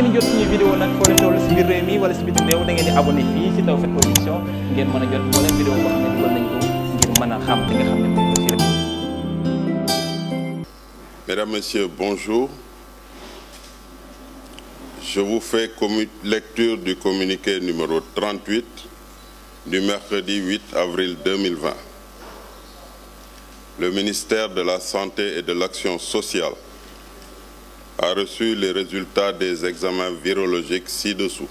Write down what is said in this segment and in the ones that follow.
ngeen jot suñu a jot moo leen vidéo boo xam ne dugal nañ ko ngir mën a xam li nga xam ne moom la Mesdames, Messieurs, du communiqué numéro 38 du mercredi Le ministère de la Santé de l'Action sociale a reçu les résultats des examens virologiques ci-dessous.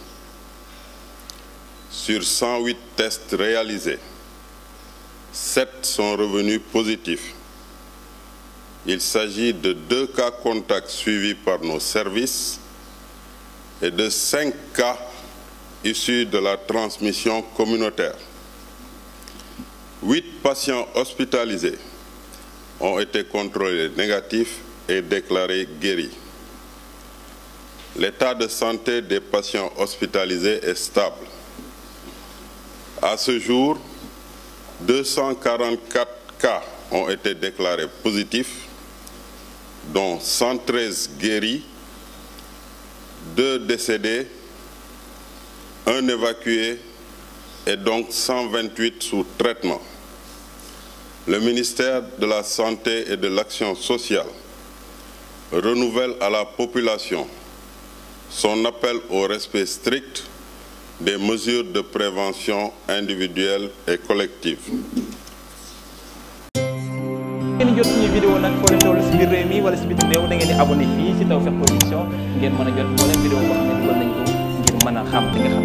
Sur 108 tests réalisés, 7 sont revenus positifs. Il s'agit de deux cas contacts suivis par nos services et de cinq cas issus de la transmission communautaire. Huit patients hospitalisés ont été contrôlés négatifs et déclarés guéris. L'état de santé des patients hospitalisés est stable. À ce jour, 244 cas ont été déclarés positifs, dont 113 guéris, 2 décédés, 1 évacué et donc 128 sous traitement. Le ministère de la Santé et de l'Action sociale renouvelle à la population son appel au respect strict des mesures de prévention individuelle et collective. ngeen jot nii vidéo nag foo leen toll si biir si biir réew da ngeen di abonné fii si Tawfekh Production ngeen mën a jot moo leen vidéo boo xam ne dugal nañ ko ngir mën a xam li